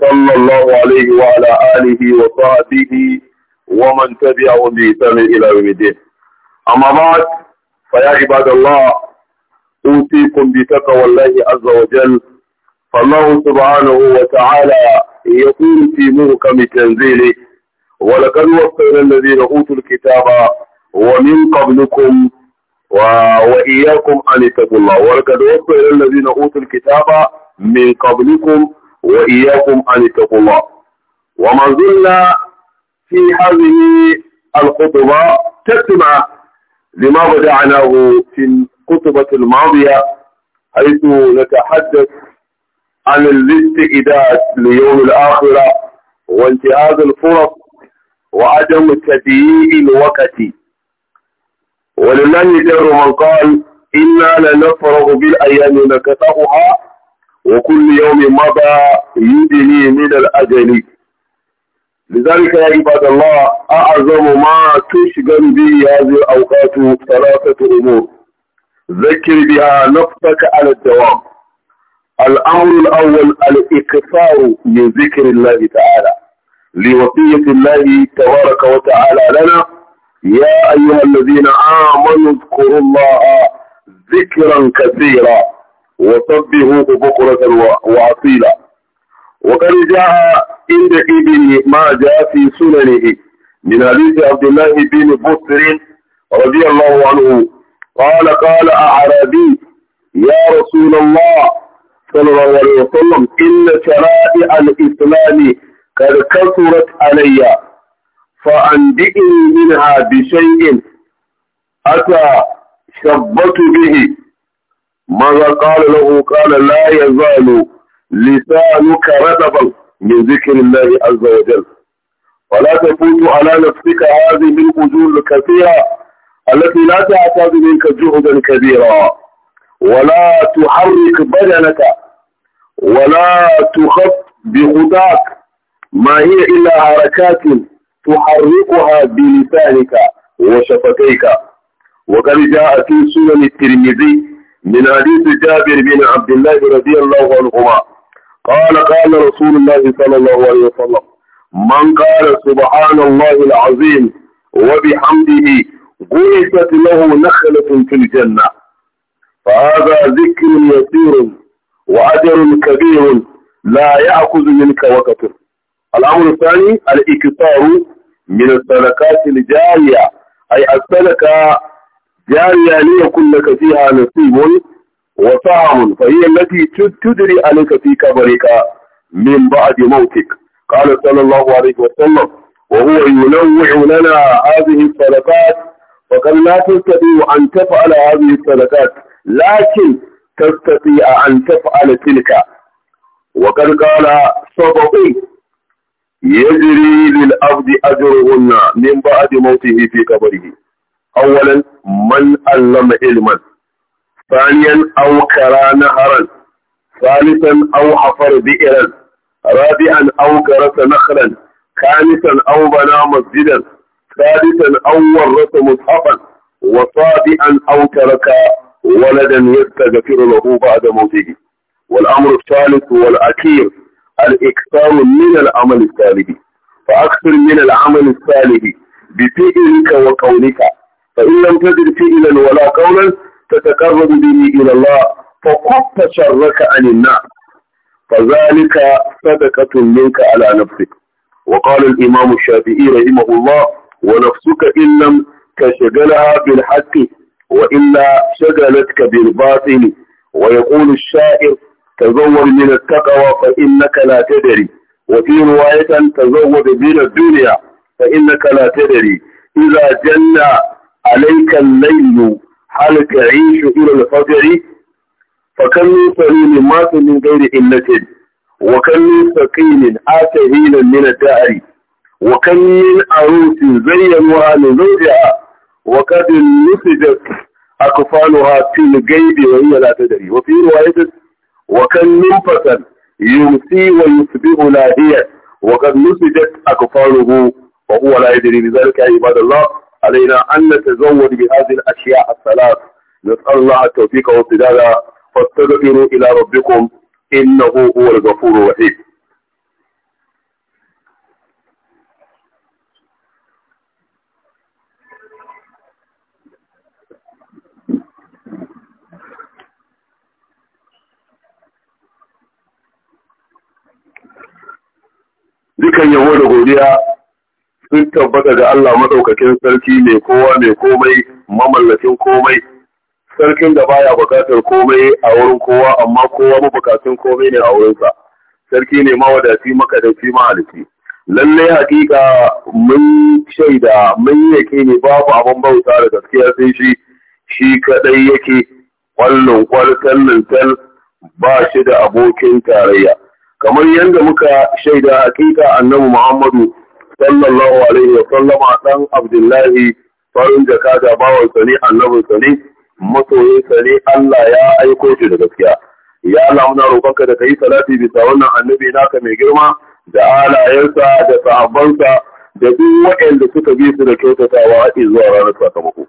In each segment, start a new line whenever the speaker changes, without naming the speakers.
صلى الله عليه وعلى آله وصحبه ومن تبعهم بإحسان إلى يوم الدين أما بعد فيا عباد الله أوصيكم بتقوى الله عز وجل فالله سبحانه وتعالى يقول في محكم تنزيله ولقد وصينا الذين أوتوا الكتاب ومن قبلكم و... وإياكم أن اتقوا الله ولقد وصينا الذين أوتوا الكتاب من قبلكم وإياكم أن اتقوا الله وما زلنا في هذه الخطبة تتبع
لما بدعناه
في الخطبة الماضية حيث نتحدث عن الاستئداد ليوم الآخرة وانتهاز الفرص وعدم تضييع الوقت ولله جر من قال إنا لنفرغ بالأيام نكتبها وكل يوم مضى يدني من الأجل لذلك يا عباد الله أعظم ما تشغل به هذه الأوقات ثلاثة أمور ذكر بها نفسك على الدوام الأمر الأول الإكثار من ذكر الله تعالى لوصية الله تبارك وتعالى لنا يا أيها الذين آمنوا اذكروا الله ذكرا كثيرا وصبه بكرة وأصيلا وقد جاء عند ابن ما جاء في سننه من حديث عبد الله بن بطر رضي الله عنه قال قال أعرابي يا رسول الله صلى الله عليه وسلم إن شرائع الإسلام قد كثرت علي فأنبئني منها بشيء أتى شبت به ماذا قال له قال لا يزال لسانك رتبا من ذكر الله عز وجل ولا تفوت على نفسك هذه اجور الكثيرة التي لا تعتاد منك جهدا كبيرا
ولا
تحرك بدنك ولا تخط بغداك ما هي إلا حركات تحركها بلسانك وشفتيك وقد جاء في سنن الترمذي من حديث جابر بن عبد الله رضي الله عنهما قال قال رسول الله صلى الله عليه وسلم من قال سبحان الله العظيم وبحمده غرست له نخلة في الجنة فهذا ذكر يسير وأجر كبير لا يأخذ منك وقت الأمر الثاني الإكثار من السلكات الجارية أي السلكة جارية ليكن لك فيها نصيب وطعم فهي التي تدري عليك في كبرك من بعد موتك قال صلى الله عليه وسلم وهو ينوع لنا هذه الصدقات فقد لا تستطيع أن تفعل هذه الصدقات لكن تستطيع أن تفعل تلك وقد قال صدقي يجري للأرض أجرهن من بعد موته في قبره أولا من علم علما ثانيا أو كرى نهرا ثالثا أو حفر بئرا رابعا أو كرس نخلا خامسا أو بنى مسجدا ثالثا أو ورث مصحفا وصابعا أو ترك ولدا يستغفر له بعد موته والأمر الثالث والأخير الإكثار من العمل الصالح فأكثر من العمل الصالح بفئرك وقولك فإن لم تدر فعلا ولا قولا تتقرب به إلى الله فقط شرك عن النار فذلك صدقة منك على نفسك وقال الإمام الشافعي رحمه الله ونفسك إن لم تشغلها بالحق وإلا شغلتك بالباطل ويقول الشاعر تزود من التقوى فإنك لا تدري وفي رواية تزود من الدنيا فإنك لا تدري إذا جنى عليك الليل هل تعيش إلى الفجر فكم من سليم مات من غير إلة وكم من سقيم آت هيلا من الدهر وكم من عروس زينها لزوجها وقد نسجت أكفانها في الجيب وهي لا تدري وفي رواية وكم من فتى يمسي ويصبح هي وقد نسجت أكفانه وهو لا يدري لذلك عباد الله علينا أن نتزود بهذه الأشياء الثلاث نسأل الله التوفيق والسدادة فاستغفروا إلى ربكم إنه هو الغفور الرحيم ذكر yabo غوليا sun tabbata ga Allah madaukakin sarki ne kowa mai komai mamallakin komai sarkin da baya bukatar komai a wurin kowa amma kowa bukatun komai ne a wurinsa sarki ne mawadaci makadaci mahalici lalle hakika mun shaida mun yake ne babu abin bauta da gaskiya sai shi shi kadai yake kwallon kwaltan tal ba shi da abokin tarayya kamar yadda muka shaida hakika annabi Muhammadu sallallahu alaihi wa sallama dan Abdullahi farin jaka da bawan sani annabin sani masoyin sani Allah ya aiko shi da gaskiya ya Allah muna roƙonka da kai salati bisa wannan annabi naka mai girma da alayensa da sahabbansa da duk waɗanda suka bi su da kyautatawa haɗi zuwa ranar sakamako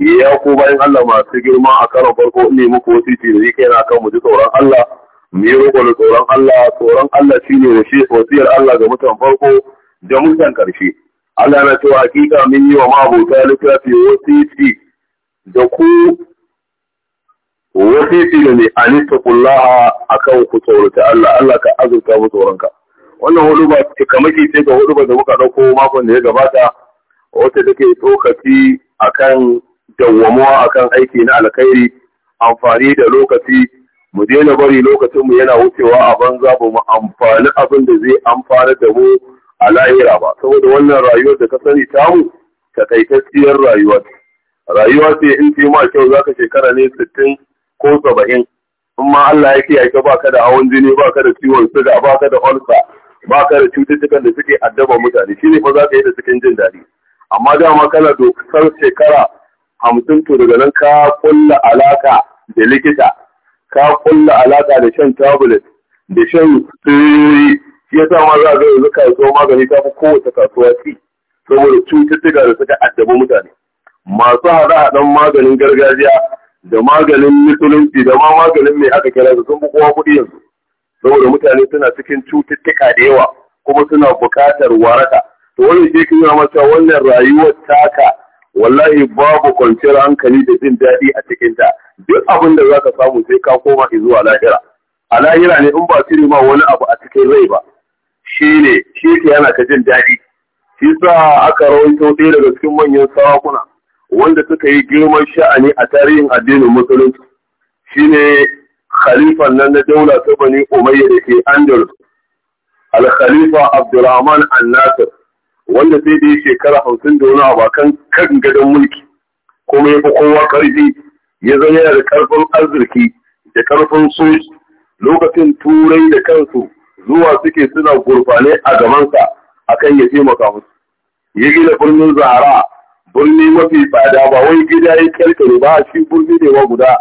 ya ku bayan Allah masu girma a karon farko ne muku ce da yake yana kan mu ji tsoron Allah mu yi tsoron Allah tsoron Allah shine wasiyar Allah ga mutan farko da mutan karshe Allah na cewa hakika min yi wa mabota littafi wasiti da ku
wasiti
da ne a nittakullaha a kan ku tsorata Allah, Allah ka azurta mu tsoronka. Wannan hudu ba kamaki ce ga hudu ba da muka ɗauko makon da ya gabata wacce take tsokaci akan dawwamuwa akan aiki na alkhairi amfani da lokaci mu daina bari lokacinmu yana wucewa a banza ba mu amfani abin da zai amfana da mu a lahira ba saboda wannan rayuwar da ka sani tamu takaitacciyar rayuwa ce rayuwa ce in ce ma kyau zaka shekara ne sittin ko saba'in in ma Allah ya kiyaye ka baka da hawan jini baka da ciwon suga baka da ulsa baka da cututtukan da suke addaba mutane shine fa zaka yi da cikin jin daɗi amma dama kana dokar shekara hamsin to daga nan ka kulla alaka da likita ka kulla alaka da shan tablet da shan shi yasa ma za a ga yanzu kasuwar magani ta fi kowace kasuwa ci saboda cututtuka da suka addabi mutane masu haɗa-haɗan maganin gargajiya da maganin musulunci da ma maganin mai aka kira su sun fi kowa kuɗi yanzu saboda mutane suna cikin cututtuka da yawa kuma suna buƙatar waraka to wani ke kira masa wannan rayuwar taka wallahi babu kwanciyar hankali da jin daɗi a cikinta duk abin da ka samu sai ka koma zuwa lahira a lahira ne in ba cire ma wani abu a cikin rai ba shi ne shi ke yana ta jin daɗi shi sa aka rawaito ɗaya daga cikin manyan sarakuna wanda suka yi girman sha'ani a tarihin addinin musulunci shi ne khalifan nan na daula ta bani umayya da ke andalus al-khalifa abdurrahman an-nasir wanda sai da shekara hamsin da wani abu kan kan gadon mulki kuma ya fi kowa karfi ya zama yana da karfin arziki da karfin soji lokacin turai da kansu zuwa suke suna gurfane a gabansa akan ya taimaka musu ya gina birnin zahara birni mafi fada ba wai gida ya kyalkyale ba shi birni ne wa guda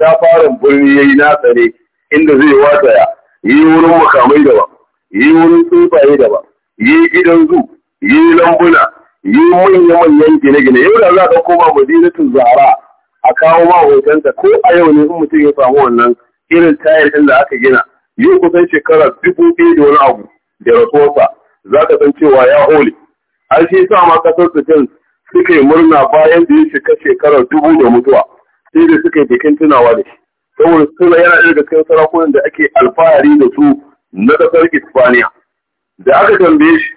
fara birni ya yi nasa ne inda zai wataya yi wurin makamai daban yi wurin tsufaye daban yi gidan zu yi lambuna yi manya-manyan gine-gine yau da za ka koma madinatun zahara a kawo ma hotonta ko a yau ne in mutum ya samu wannan irin tayar ɗin da aka gina yau kusan shekara dubu ɗaya da wani abu da rasuwarsa za ka san cewa ya hole an shi sa ma kasar su suka yi murna bayan da ya shiga shekarar dubu da mutuwa sai da suka yi bikin tunawa da shi saboda suna yana ɗaya cikin sarakunan da ake alfahari da su na ƙasar Hispaniya. Da aka tambaye shi,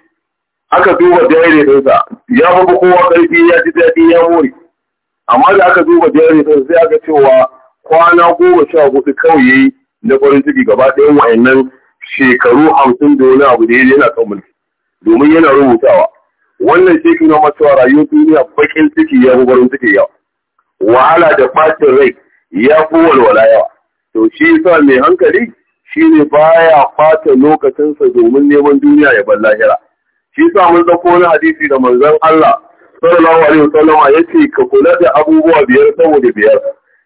aka duba jaririnsa, ya babu kowa ƙarfi ya ji daɗi ya more. Amma da aka duba jaririnsa sai aka cewa kwana goma sha hudu kawai ya yi na farin ciki gaba ɗaya wa'annan shekaru hamsin da wani abu da ya yana kan mulki domin yana rubutawa wannan shekaru na macewa rayuwar duniya bakin ciki ya fi farin ciki yawa wahala da ɓacin rai ya fi walwala yawa to shi sa mai hankali shi shine baya ɓata lokacinsa domin neman duniya ya bar lahira shi sa mun ɗauko wani hadisi da manzon Allah sallallahu alaihi ya ce ka kula da abubuwa biyar saboda biyar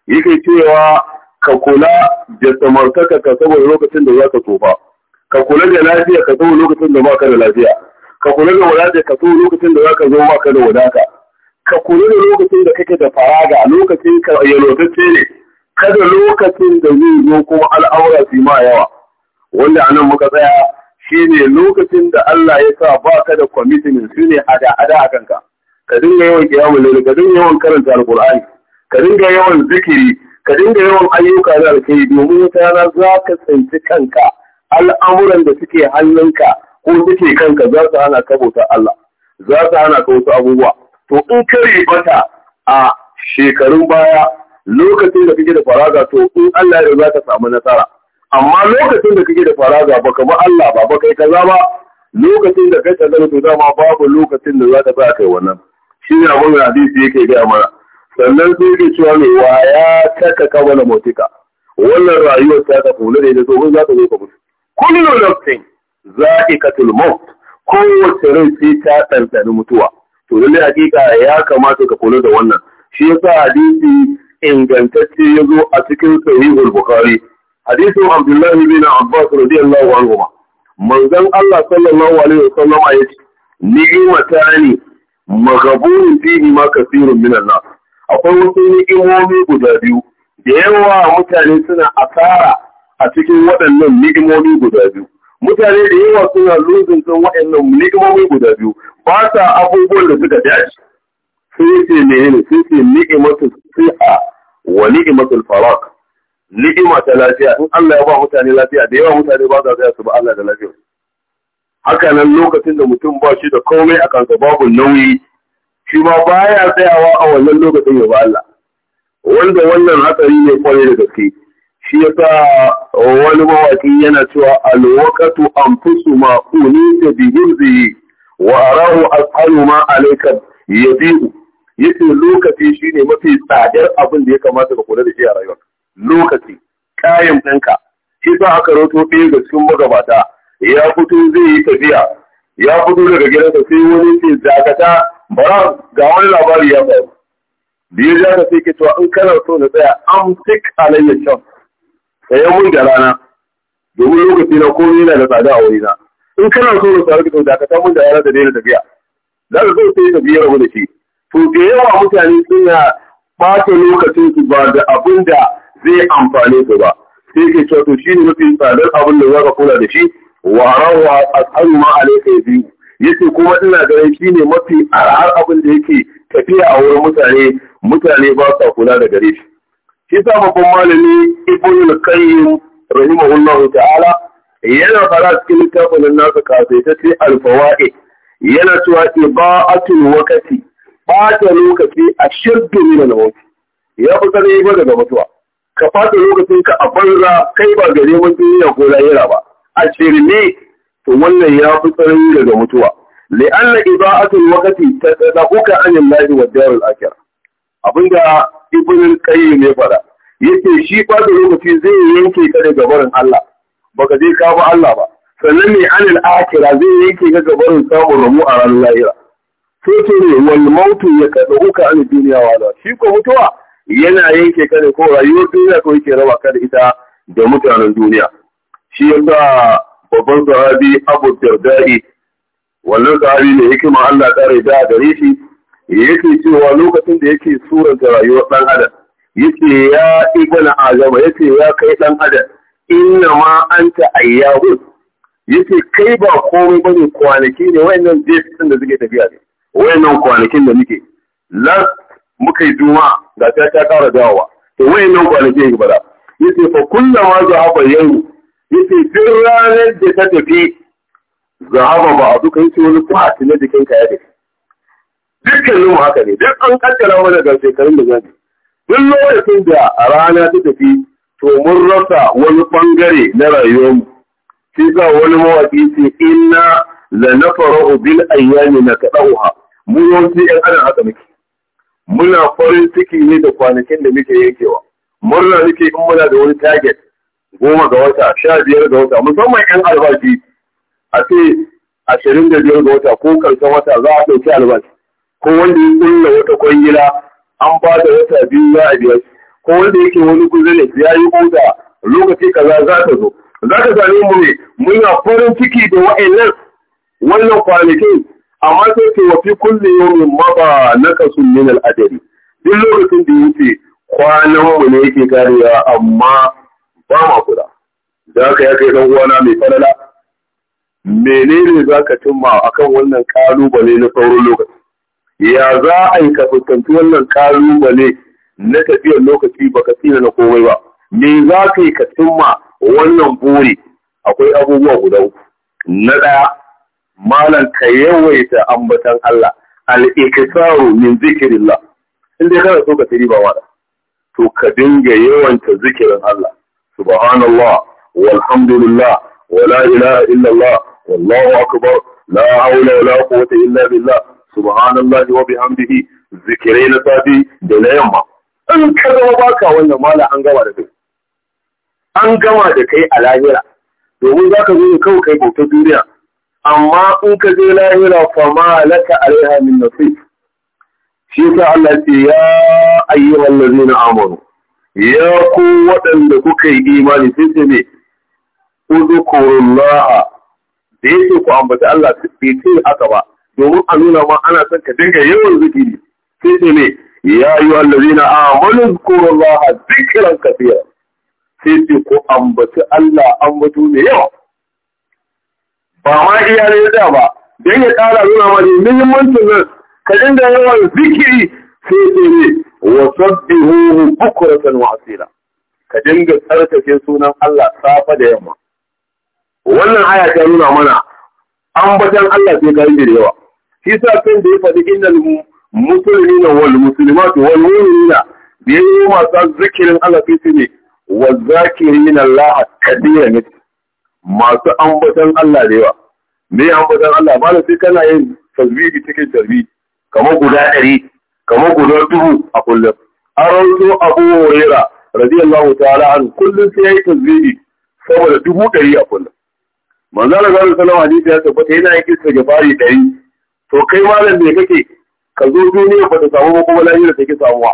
yake cewa ka kula da samartaka ka saboda lokacin da za ka tsufa ka kula da lafiya ka saboda lokacin da baka da lafiya ka kula da wadata ka saboda lokacin da za ka zo baka da wadata ka kula da lokacin da kake da faraga lokacin ka yalwatacce ne kada lokacin da zai zo kuma al'aura su ma yawa wanda anan muka tsaya shine lokacin da Allah ya sa baka da commitment shine ada ada a kanka ka dinga yawan kiyamul lail ka dinga yawan karanta alqur'ani ka dinga yawan zikiri ka dinga yawan ayyuka da alkhairi domin rana za ka tsinci kanka al'amuran da suke hannunka ko suke kanka za su hana ka bauta Allah za su hana ka wasu abubuwa to in ka bata a shekarun baya lokacin da kake da faraga to in Allah ya za ka samu nasara amma lokacin da kake da faraga baka ba Allah ba baka ka kaza ba lokacin da kai kaza to dama babu lokacin da za ka sa kai wannan shi ne abin da hadisi yake gaya mana sannan sai ke cewa mai wa ya taka kabala motika wannan rayuwar ta ka kula da ita domin za ta zo ka mutu kullu nafsin za'iqatul maut kowace rai sai ta tantani mutuwa to lalle hakika ya kamata ka kula da wannan shi yasa hadisi ingantacce ya zo a cikin sahihul bukhari wa abdullahi bin abbas radiyallahu anhu manzon Allah sallallahu alaihi wasallam ya ce ni'matani maghbun fihi ma kathirun minan nas akwai wasu ni'imomi guda biyu da yawa mutane suna asara a cikin waɗannan ni'imomi guda biyu mutane da yawa suna losing sun waɗannan ni'imomi guda biyu ba sa abubuwan da suka dace yi ce ne sun ce ni'imatul siha wa ni'imatul farak ni'ima ta lafiya in Allah ya ba mutane lafiya da yawa mutane ba za su su ba Allah da lafiya haka nan lokacin da mutum ba shi da komai a kansa babu nauyi shi ma ya tsayawa a wannan lokacin ya ba Allah wanda wannan hatsari ne kwarai da gaske shi yasa wani mawaki yana cewa alwaqatu anfusu ma unita bi himzi wa arahu as'alu ma alayka yabi'u yace lokaci shine mafi tsadar abin da ya kamata ka kula da shi a rayuwa lokaci kayan ɗinka shi yasa aka roto ɗaya ga cikin magabata ya fito zai yi tafiya ya fito daga gidansa sai wani ce zakata. ba ga wani labari ya faru da ya ja sai ke cewa in kana so na tsaya fik alayya can tsaye mun da rana domin lokaci na komai na da tsada a wurina in kana so na tsaya ka dakata mun da rana da daina tafiya za ka so sai ka rabu da shi to da yawa mutane suna ɓata lokacin su ba da abin da zai amfane su ba sai ke cewa to shi ne mafi tsadar abin da za ka kula da shi wa rawa a tsarin ma biyu yake kuma ina ganin ne mafi arahar abin da yake tafiya a wurin mutane mutane ba sa kula da gare shi shi sa babban malami ibn al-qayyim rahimahullahu ta'ala yana fara cikin littafin nasa kafin ta ce al-fawaid yana cewa ibaatul waqti bata lokaci a shirdu min al-maut ya fi yi ba daga mutuwa ka fata lokacin ka a banza kai ba gare mun duniya ko lahira ba a shirme to wannan ya fi tsarin daga mutuwa li'anna iba'atul waqti tadabuka anil lahi wa darul akhir abinda ibn qayyim ya fara yace shi ba da lokaci zai yanke ka daga barin Allah baka je ka Allah ba sannan ne anil akhirah zai yanke ka daga barin samun ramu a ranar lahira sai ce ne wal mautu ya kadabuka anil duniya wala shi ko mutuwa yana yanke ka ne ko rayuwar duniya ko yake raba ka da ita da mutanen duniya shi yasa babban sahabi Abu Darda'i wannan sahabi ne hikima Allah ta da gare shi yake cewa lokacin da yake suranta rayuwar dan adam yake ya ibna azama yake ya kai dan adam inna ma anta ayyahu yake kai ba komai bane kwanaki ne wayannan jesin da suke tafiya ne
wayannan kwanakin
da muke las muka yi juma'a ga ta ta kara dawowa to wayannan kwanakin yake bada yace fa kullama zahaba yau Iti duk ranar da ta tafi zahaba ba abu kai ce wani a na jikin ka yadda. Dukkan mu haka ne duk an kaddara mana ga shekarun da zan duk lokacin da a rana ta tafi to mun rasa wani bangare na rayuwarmu shi sa wani mawaƙi ce inna la nafaru bil ayyami na kadauha mu yawanci 'yan adam haka muke muna farin ciki ne da kwanakin da muke yankewa murna muke in muna da wani target goma ga wata sha biyar ga wata musamman yan albashi a ce ashirin da biyar ga wata ko karshen wata za a ɗauki albashi ko wanda ya kulla wata kwangila an ba da wata biyu za a biya ko wanda yake wani kuzuri ya yi mota lokaci kaza za ta zo za ka same mu ne muna farin ciki da wa'annan wannan kwanakin amma sai ce wafi kulle yau yawmin na nakasun min al duk lokacin da yake kwanan mu ne yake karewa amma ba ma kula da haka yi kai dan uwana mai falala menene za ka cimma akan wannan kalubale na sauran lokaci ya za a yi ka fuskanci wannan kalubale na tafiyar lokaci baka tsira na komai ba me za ka yi ka cimma wannan buri akwai abubuwa guda uku na ɗaya malam ka yawaita ambatan Allah al-iktaru min zikrillah in dai kana so ka tiri ba wada to ka dinga yawanta zikirin Allah سبحان الله والحمد لله ولا إله إلا الله والله أكبر لا حول ولا قوة إلا بالله سبحان الله وبحمده zikirai na safi da na yamma in ka baka wannan mala an gama da kai an gama da kai a lahira domin za ka zo kawai kai bauta duniya amma in ka je lahira fa ma laka alaiha min shi Allah ce ya ayyuhal na amanu ya ku waɗanda kuka yi imani sai ce ne udukurullaha da yake ku ambata Allah bai ce haka ba domin a nuna ma ana son ka dinga yawan zikiri sai ce ne ya yi wallazina amanu zkurullaha zikiran kafiya sai ce ku ambaci Allah ambatu ne yawa ba ma iya ne ya ba dan ya ƙara nuna ma ne muhimmancin nan ka dinga yawan zikiri sai ce ne wa sabbihuhu bukratan wa asila ka dinga tsarkake sunan Allah safa da yamma
wannan aya ta nuna mana
ambatan Allah sai ka yi da yawa shi sa kan da ya faɗi innal muslimina wal muslimatu wal mu'minina da yayi masu zikirin Allah sai su ne wa zakirina Allah kadiran masu ambatan Allah da yawa me ambatan Allah malam sai kana yin tasbihi cikin tasbihi kamar guda ɗari kamar guda dubu a kullum an rauto abu huraira radiyallahu ta'ala an kullum sai yayi tasbihi saboda dubu ɗari a kullum manzo Allah sallallahu alaihi ya tabbata yana yin istighfari ɗari to kai malam me kake ka zo duniya ba ta samu ba kuma lahira take samuwa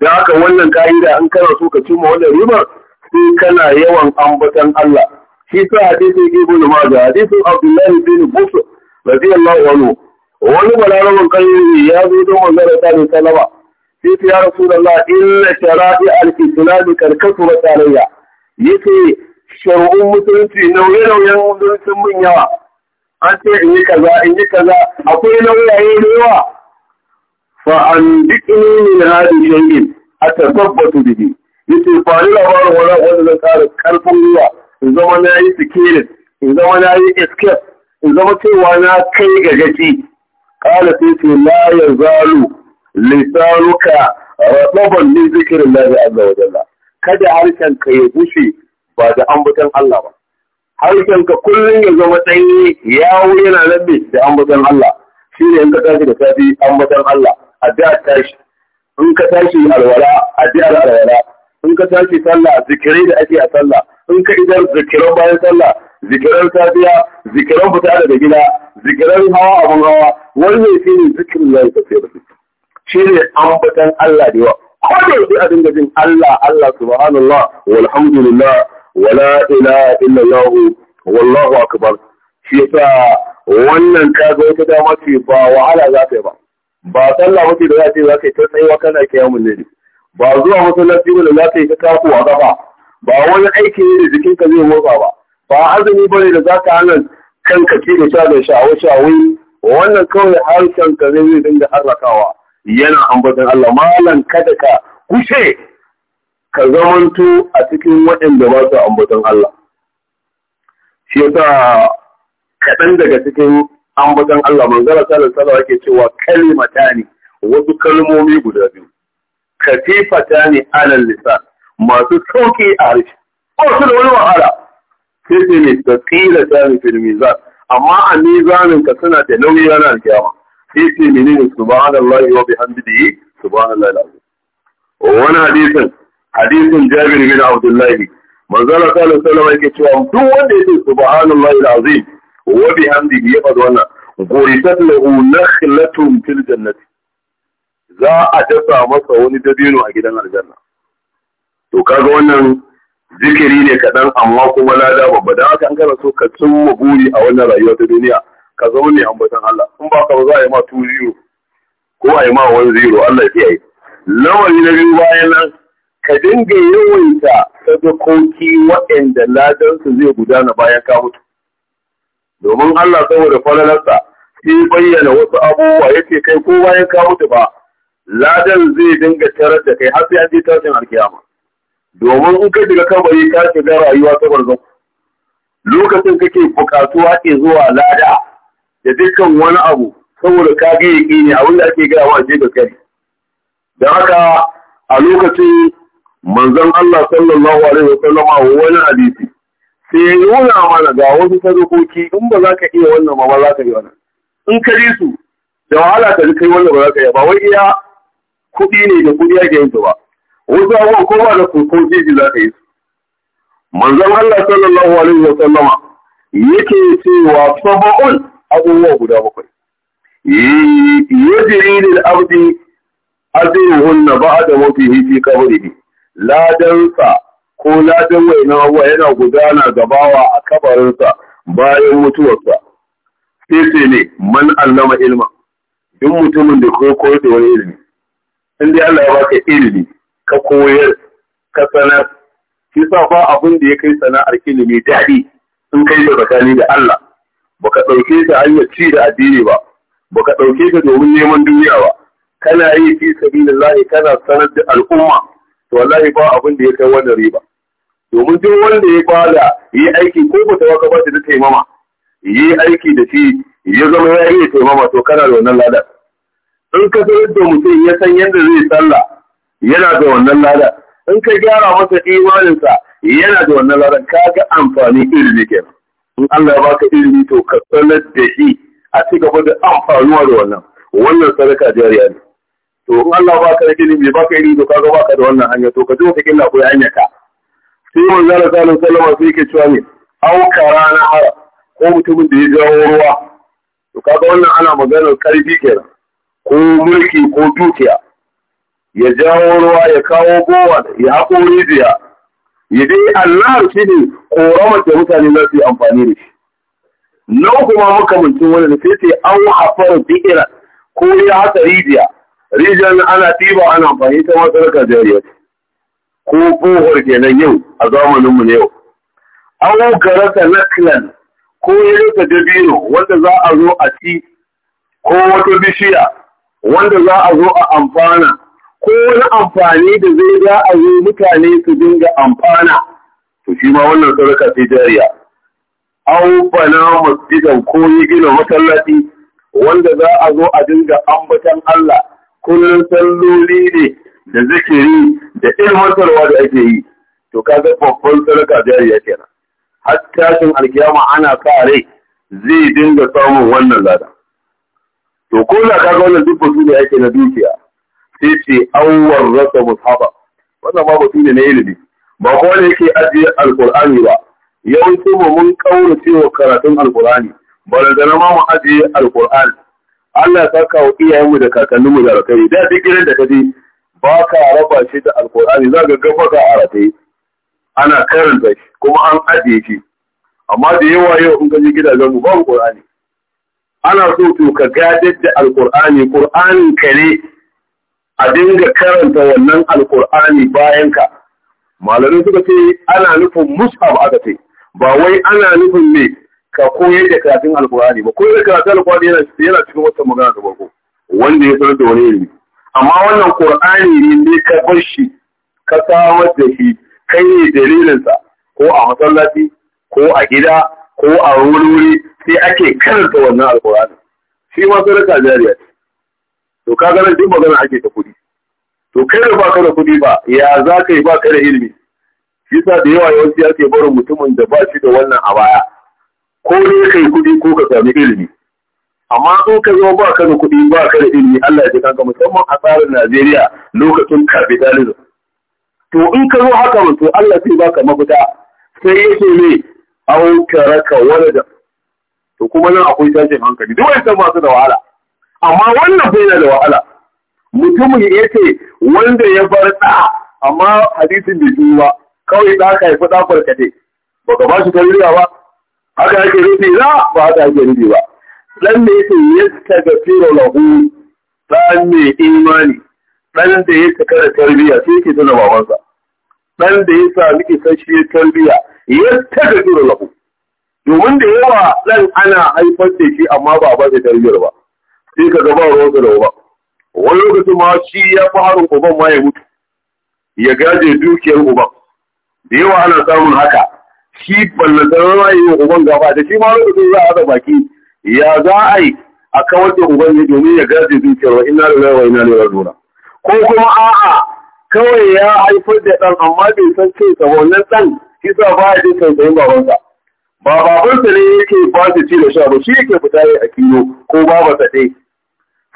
da haka wannan ka'ida an kana so ka cimma wannan ribar sai kana yawan ambatan Allah shi sa hadisi ibn majah hadisin Abdullah bin Busr radiyallahu anhu wani balarabin kalmomi ya zo don manzara ta ne salama sai ta ya rasu da Allah inna shara'i al-islami karkatu wa tarayya yace shari'un mutunci nauye-nauyen musulunci mun yawa an ce in yi kaza in yi kaza akwai nauyaye da yawa fa an dikini min a shay'in atasabbatu bihi yace fa ni labarin wani wanda zan kara karfin ruwa in zama na yi in zama na yi escape in zama cewa na kai ga gaci قال سيتي لا يزال لسانك رطبا لذكر الله عز وجل kada harshen ka ya bushe ba da ambaton Allah ba harshen ka kullum ya zama tsaye yawo yana nan da ambaton Allah shine in ka tashi da safi ambaton Allah addu'a tashi in ka tashi alwala addu'ar alwala in ka tashi sallah zikirai da ake a sallah in ka idan bayan sallah zikirar safiya zikirar fita daga gida zikirar hawa abun hawa wannan shi ne zikirin lai da sai shi ne ambatan Allah da yawa ko da yake a dinga jin Allah Allah subhanallah walhamdulillah wala ilaha illallah wallahu akbar shi yasa wannan kaga wata dama ce ba wahala za ta yi ba ba sallah mutum da za ta yi za ka yi ta tsayuwa kana kiyamun ne ba zuwa masallaci ba da za ka yi ta kafuwa ba. ba wani aiki ne da jikinka zai motsa ba ba azumi ba ne da za zaka hana kanka ke da sha da sha'awa sha'awai wannan kawai harshen ka zai zai dinga harrakawa yana ambaton Allah malam kada ka kushe ka zamanto a cikin waɗanda ba su ambaton Allah shi yasa kaɗan daga cikin ambatan Allah manzara sallallahu alaihi wasallam cewa ne wasu kalmomi guda biyu ne alal lisan masu sauƙi a harshe ba su da wani wahala sai ne da tsira ta yi firmi za amma a mizanin ka suna da nauyi ranar alkiyama sai ce menene yi wa bihamdihi subhanallahi alazim
wani hadisin
hadisin Jabir min Abdullahi manzala sallallahu alaihi wasallam yake cewa duk wanda yake subhanallahi alazim wa bihamdihi ya faɗi wannan guritat lahu nakhlatun fil jannati za a dasa masa wani dabino a gidan aljanna to kaga wannan zikiri ne kaɗan amma kuma lada babba da haka an gara so ka cimma buri a wannan rayuwa ta duniya ka zama mai ambatan Allah in ba ka ba za a yi ma 2-0 ko a yi ma 1-0 Allah ya yi lawari na biyu bayan nan ka dinga yawaita sadakoki waɗanda ladansu zai gudana bayan ka mutu domin Allah saboda falalarsa sai bayyana wasu abubuwa yace kai ko bayan ka mutu ba ladan zai dinga tarar da kai har sai an je tashin alkiyama domin in ka shiga kabari ka shiga rayuwa ta barzo lokacin kake bukatuwa ke zuwa lada da dukkan wani abu saboda ka ga yaki ne abin da ake gaya wa je da kai da haka a lokacin manzon Allah sallallahu alaihi wasallama wani hadisi sai ya nuna mana ga wasu sadakoki in ba za ka iya wannan ba ba za ka yi wannan in ka ji su da wahala ka ji kai wannan ba za ka yi ba wai iya kuɗi ne da kuɗi ake yin su ba wasu abubuwan ko ba da soso jeji za ka yi su manzon Allah sallallahu alaihi wa sallama yake cewa sab'un abubuwa guda bakwai yajri lil abdi ajruhunna ba'da mawtihi fi qabrihi ladansa ko ladan waina wa yana gudana gabawa a kabarinsa bayan mutuwarsa sai sai ne man allama ilma duk mutumin da ko koyar da wani ilimi in dai Allah ya baka ilimi ka koyar ka sanar shi sa ba abin da ya kai sana'ar mai daɗi sun kai da tsakani da Allah baka ɗauke ta hanyar ci da addini ba baka ɗauke ta domin neman duniya ba kana yi fi sabilillahi kana sanar da al'umma to wallahi ba abin da ya kai wannan riba domin duk wanda ya bada yi aiki ko ba ta waka ba ta taimama yi aiki da shi ya zama ya iya taimama to kana da wannan ladar in ka san yadda mutum ya san yadda zai sallah yana da wannan lada in ka gyara masa imaninsa yana da wannan ladan ka ga amfani ilimi kenan in Allah ya baka ilimi to ka sanar da shi a ci gaba da amfanuwa da wannan wannan sadaka jariya ne to in Allah baka da ilimi baka ilimi to kaga baka da wannan hanya to ka je ka killa koyi hanya ka sai manzo Allah sallallahu alaihi wasallam sai yake cewa ne au karana har ko mutumin da ya jawo ruwa to kaga wannan ana maganar karfi kenan ko mulki ko dukiya ya jawo ruwa ya kawo gowa ya haƙo rijiya ya bi Allah shi ne koramar da mutane za su yi amfani da shi na kuma mutum wani da sai an an hafar bikira ko ya haka rijiya na ana ɗiba ana amfani ta wata raka jariya ko bohor kenan yau a zamaninmu na yau an na naklan ko ya rasa dabino wanda za a zo a ci ko wata bishiya
wanda za a zo a
amfana ko wani amfani da zai za a yi mutane su dinga amfana to shi ma wannan sadaka sai jariya au bana masjidan ko yi gina masallaci wanda za a zo a dinga ambatan Allah kullum salloli ne da zikiri da ilmantarwa da ake yi to kaga babban sadaka jariya kenan har tashin alkiyama ana sa rai zai dinga samun wannan lada to ko da kaga wannan duk ne ake na dukiya sai ce awwar rasa mushaba wannan ma mutum ne na ilimi ba ko ne yake ajiye alqur'ani ba yawanci mu mun kaura cewa karatun alqur'ani ba da na ma mu ajiye alqur'ani Allah ya saka wa iyayenmu da kakanninmu da rakai da duk gidan da kaje ba ka raba shi da alqur'ani za ka ba ka aratai ana karanta shi kuma an ajiye shi amma da yawa yau in ka je gidajen mu babu alqur'ani ana so to ka gadar da alqur'ani qur'anin ka ne a dinga karanta wannan alkur'ani bayan ka malamai suka ce ana nufin mus'ab aka ce ba wai ana nufin ne ka koyar da karatun alkur'ani ba koyar da karatun alkur'ani yana yana cikin wata magana da farko
wanda ya san da wani ne
amma wannan qur'ani ne ne ka bar shi ka samar da shi kai ne dalilinsa ko a masallaci ko a gida ko a wuri sai ake karanta wannan alkur'ani shi ma sadaka jariya to ka ga duk magana ake ta kuɗi to kai da baka da kuɗi ba ya za ka yi baka da ilimi shi sa da yawa yawanci ake barin mutumin da ba shi da wannan a baya ko ne ka yi kuɗi ko ka sami ilimi amma in ka zo ba ka da kuɗi ba ka da ilimi Allah ya ji kanka musamman a tsarin Najeriya lokacin capitalism to in ka zo haka to Allah sai baka mafita sai yake ne au wani da to kuma nan akwai tashin hankali duk wanda masu da wahala amma wannan bai da wahala mutumin ya ce wanda ya bar ɗa amma hadisin bai shiru ba kawai ɗa ka haifi ɗa barkatai ba ka ba shi tarbiyya ba haka yake nufi za ba haka yake nufi ba dan da yake yasta ga firo lahu ɗan mai imani ɗan da ya cika da tarbiyya sai yake tuna babansa ɗan da ya sami isasshe tarbiyya yasta ga firo lahu domin da yawa ɗan ana haifar da shi amma ba a ba da tarbiyyar ba sai ka gaba ruwansa da uba wani lokacin ma shi ya fi harin uban ma ya mutu ya gaje dukiyar uban da yawa ana samun haka shi ballantar ma yi uban gaba da shi ma lokacin za a haɗa baki ya za a yi a kawar da uban ne domin ya gaje dukiyar wa ina da lawa ina da rauna ko kuma a'a kawai ya haifar da ɗan amma bai san cin sa wannan ɗan shi sa ba a jin tausayin babansa ba babansa ne yake ba su ci da sha ba shi yake fita a kilo ko babansa ɗaya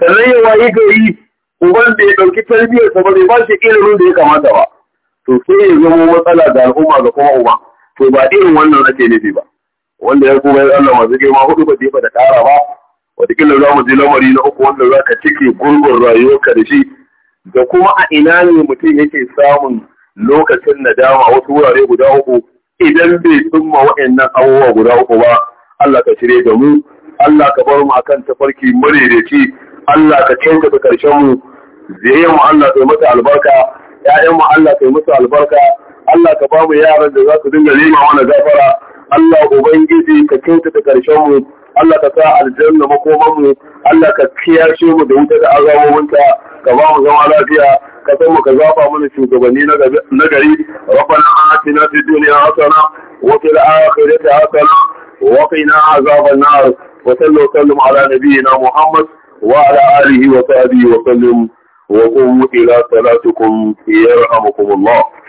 sannan ya wayi gari uban da ya ɗauki tarbiyyarsa ba zai ba shi ilimin da ya kamata ba to sai ya zama matsala ga al'umma ga kuma uba to ba irin wannan ake nufi ba wanda ya kuma ya Allah masu girma hudu ba jefa da ƙara ba wataƙila za mu je lamari na uku wanda za ka cike gurgun rayuwarka da shi da kuma a ina ne mutum yake samun lokacin nadama wasu wurare guda uku idan bai tsumma waɗannan abubuwa guda uku ba Allah ka shirye da mu Allah ka bar mu akan tafarki madaidaici Allah ka kenta da karshen mu zuriyar mu Allah kai mata albarka ƴaƴan mu Allah kai mata albarka Allah ka bamu yaran da za su dinga nema mana gafara Allah ubangiji ka kenta da karshen mu Allah ka sa aljanna makoman mu Allah ka kiyashe mu da wuta da azamominta ka bamu zama lafiya ka san mu ka zaba mana shugabanni na gari rabbana atina fid dunya hasana wa fil akhirati hasana wa qina azaban nar wa sallu sallam ala muhammad وعلى آله وصحبه وسلم وقوموا إلى صلاتكم يرحمكم الله